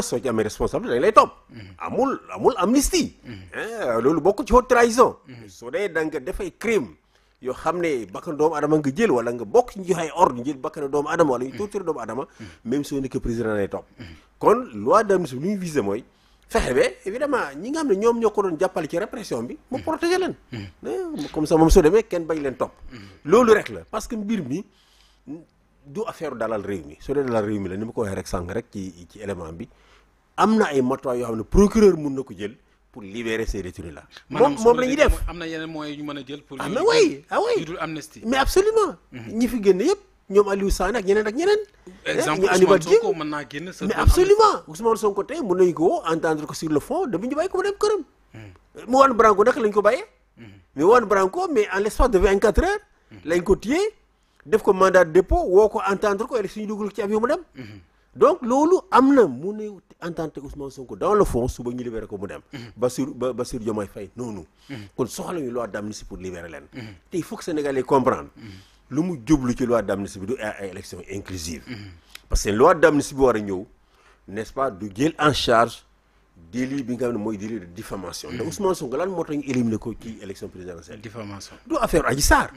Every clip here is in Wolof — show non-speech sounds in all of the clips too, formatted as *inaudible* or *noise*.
soo ci amee responsable dañ lay topp amul amul mm-hmm. eh, loolu bokk ci haute trahison soo dee da nga def yoo xam ne bakkan doomu adama nga jël wala nga bokk ñu joxe ay ordre ñu jël bakkan doomu adama wala ñu mm-hmm. torture doomu adama mm-hmm. même soo nekkee président lay topp kon loi d'amnistie lu ñu visé mooy fexe be évidemment ñi nga xam ne ñoom ñoo ko doon jàppale ci répression bi mu protéger leen eh, comme ça moom soo demee kenn bañ leen topp loolu rek la parce que mbir mi du affaire dalal réew mi su dee dalal réew mi la ni ma ko waxee rek rek ci élément bi am na ay matuwaay yoo xam ne procureur mun na ko jël pour libérer ces détenus là. moom moom la def am na yeneen moyens yu ñu mën a jël. pour ah mais oui ah oui dul amnistie mais absolument mhm. ñi fi génn yëpp ñoom Aliou Sané ak ñeneen ak ñeneen. Eh, naa génn mais absolument Ousmane Sonko tey mën nañu ko entendre ko sur le fond dama ñu bàyyi ko mu dem këram. Hmm. mu wan Branco naka lañ ko bàyyee. Hmm. mais wan Branco mais en l' espace de 24 heures. Hmm. lañ ko téye. def ko mandat de dépôt woo ko entendre ko élection yi dugal ci am mu dem. Mhm. donc lolu amna mu ne entente Ousmane Sonko dans le fond suba ñu libérer ko mu dem. Mhm. Bassirou Bassirou Diomaye non. noonu. Mhm. kon soxla ñu loi d'amnistie pour libérer len té il faut que Sénégalais comprendre. lu mu djublu ci loi d'amnistie bi du ay élection inclusive parce que loi d'amnistie bi war n'est-ce pas du jël en charge délit bi nga xam ne mooy délit de diffamation. Ousmane Sonko lan moo tax ñu éliminé ko ci élection présidentielle. diffamation du affaire Adji Sarr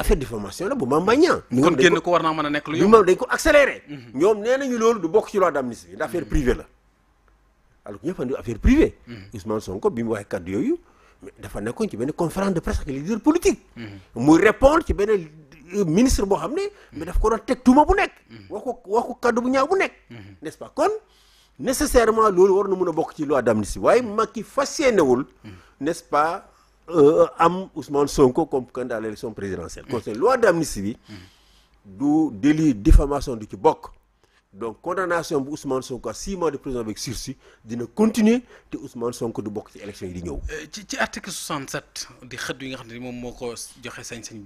affaire de formation la bu Mamba Niang. kon génn ko war naa mën a nekk lu yomb dañ ko accéléré. Mhm. ñoom nee nañu loolu du bokk ci loi d'amnistie bi affaire mhm. privée la. alors ñëpp andi affaire privée. Mhm. Ousmane Sonko bi mu waxee kàddu yooyu dafa nekkoon ci benn conférence de presse les leader politique. muy répondre ci benn euh, ministre boo xam mais daf ko doon teg tuuma bu nekk. wax ko wax ko kàddu bu ñaaw bu nekk. n'est-ce pas kon nécessairement loolu war na mën a bokk ci loi d'amnistie waaye Macky fas yéenewul n'est-ce pas. Euh, am Ousmane Sonko comme candidat à l'élection présidentielle. kon seen loi d'amnistie du délit diffamation du ci bokk. donc condamnation bu Ousmane Sonko à six mois de prison avec sursis d'une continuer de Ousmane Sonko du bokk ci élection yi di ñëw. Euh, ci article 67 di xët yi nga xam ne moom moo ko joxe sañ-sañ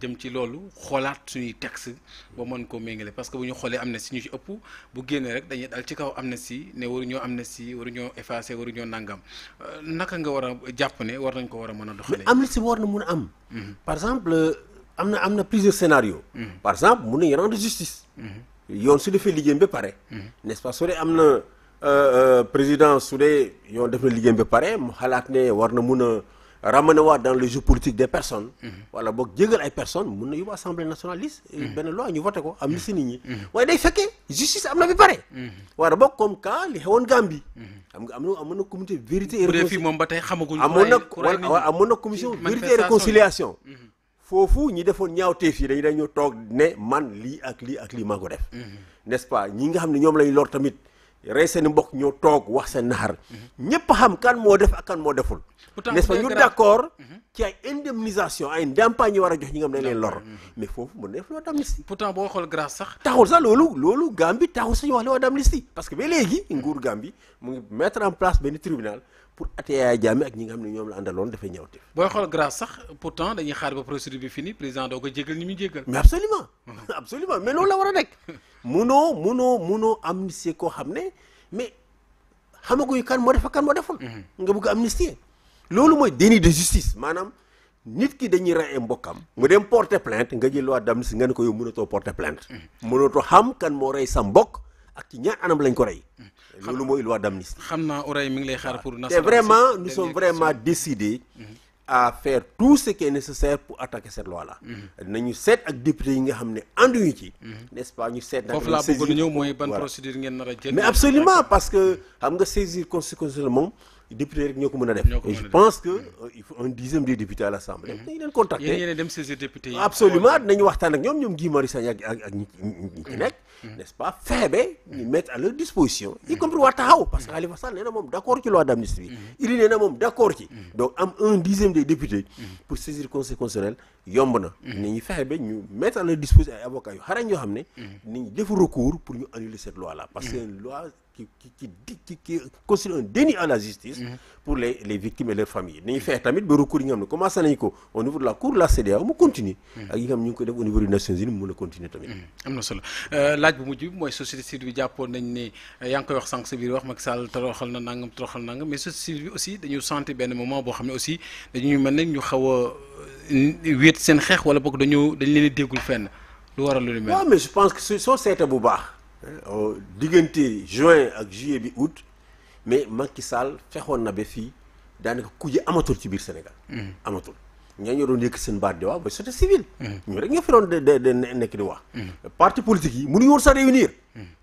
dem ci loolu xoolaat suñuy texte ba mën koo méngale parce que bu ñu xoolee amnistie ñu ci ëpp bu génnee rek dañuy dal ci kaw amnistie ne waruñoo amnistie waruñoo effacer waruñoo nangam euh, naka nga war a jàpp ne war nañ ko war a mën a doxalee. amnistie war na mun a am. Mhm. par exemple euh, am na am na plusieurs scénarios. Mhm. par exemple mun nañu rendre justice. Mhm. yoon su defee liggéeyam ba pare. n'est-ce pas su dee am na euh, président su dee yoon def na liggéeyam ba pare mu xalaat ne war na mun a ramener waat dans le jeu politique des personnes. Mhm. wala boog jégal ay personnes mun na yóbbu assemblée nationaliste. Mhm. benn loi ñu voté ko am li si nit ñi. Mhm. waaye day fekkee justice am na bi pare. wala boog comme cas li xewoon Gambie. xam nga am na comité vérité et réconciliation moom ba tey xamaguñu. amoon na amoon na commission vérité et réconciliation. foofu ñi defoon ñaaw teef yi dañu dañoo toog ne man li ak lii ak lii maa def. n'est-ce pas ñi nga xam ne ñoom lay lor tamit. rey seen mbokk ñoo toog wax seen naxar ñëpp xam kan moo def ak kan moo deful n'est-ce pas ñu d'accord mhm. ci ay indemnisation ay ndàmpaay ñu war a jox ñi nga xam ne leen lor mhm. mais foofu mën na def loi d'amnistie pourtant boo xool grâce sax taxul sax loolu loolu Gambie taxul sax ñu wax loi d'amnistie parce que ba léegi nguur Gambie mu ngi mettre en place benn tribunal pour atte Yaya Jammeh ak ñi nga xam ne ñoom la àndaloon dafay ñawte booy xool grâce sax pourtant dañuy xaar ba procédure bi fini président doo ko jégal ni muy jégal mais absolument *laughs* absolument mais non la war a nekk munoo munoo amnistie ko koo mais kan moo def ak kan moo deful mhm. nga bëgg amnistie lolu moy déni de justice manam, nit ki dañuy rey mbokam mu dem porter plainte nga jël loi d'amnistie nga ne ko yow to porter plainte mhm. to xam kan mo ray sa mbokk vraiment nous sommes vraiment décidés. Hmm. à faire tout ce qui est nécessaire pour attaquer cette loi là. Hmm. Nous sommes ak député yi nga hmm. n'est-ce pas mais absolument parce que nous avons saisir constitutionnelle député rek ñoko mëna def je pense que euh, il faut un dixième des députés à l'Assemblée mm-hmm. ñi leen contacter yéen yéen dem saisir députés absolument nañu waxtaan ak ñom ñoom Guy Marius Sagna ak ak ñi ci mm-hmm. nek mm-hmm. n'est-ce pas fexe ni mettre à leur disposition y compris waa parce que Khalifa Sall nee na moom d'accord ci loi d'amnistie il nee na moom d'accord ci donc am un dixième des députés pour saisir conseil constitutionnel yomb na ni fexe ba ñu mettre à leur disposition ay avocats yu xarañ yo xamné ni ñi def recours pour ñu annuler cette loi là parce que loi qui, qui, qui, qui, constitue un déni en la justice mm-hmm. pour les, les, victimes et leurs familles. Nous faisons tamit des recours qui comment ça au niveau de la cour de la CDA on continue mm-hmm. ak yi nga def au niveau des Nations Unies mu mën a tamit. Mm-hmm. Amna na solo euh, laaj bu mujju moy société civile bi nañ ne euh, yang koy wax sank sa biir wax Macky Sall toroxal na nangam toroxal na nangam mais société civile aussi dañu sentir ben moment bo xamné aussi dañu mel ne ñu xaw a euh, wéet seen xeex wala boog dañu dañ leen déggul fenn lu waral lu mel. waaw mais je pense que soo seetee bu baax. Euh, oh, diggante juin ak juillet bi août mais Macky Sall fexoon na be fi daanaka kuje amatul ci biir Sénégal. Mm. amatul ñoo ñoo doon yëkk seen baat di wax ba société civile. Mm. ñu rek ñu fi doon de de nekk di wax. Mm. parti politique yi mënuñu woon sa réunir.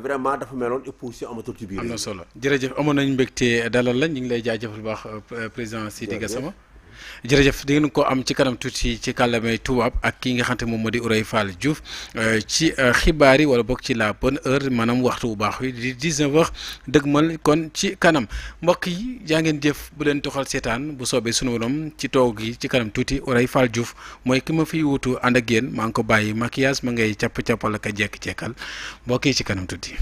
vraiment dafa meloon opposition amatul ci biir. am na solo jërëjëf amoon nañu te dalal la ñu ngi lay jaajëfal baax euh, président Sidi sama jërëjëf di ngeen ko am ci kanam tuuti ci kàllamay tubaab ak ki nga xam te moom moo di Houreye Fall Diouf euh, ci euh, xibaar yi wala boog ci la bonne heure maanaam waxtu bu baax wi di 19h dëgmal kon ci kanam mbokk yi jaa ngeen jëf bu leen toxal seetaan bu soobee sunu borom ci toog gi ci kanam tuuti Houreye Fall Diouf mooy ki ma fi wutu ànd ak yéen maa ngi ko bàyyi maquillage ma ngay càpp cappal ak a jekk jekkal mbokk yi ci kanam tuuti.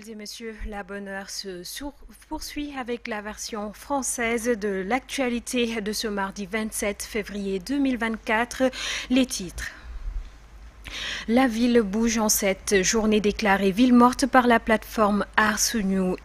Mesdames et messieurs, la bonne heure se poursuit avec la version française de l'actualité de ce mardi 27 février 2024. Les titres. La ville bouge en cette journée déclarée ville morte par la plateforme Ars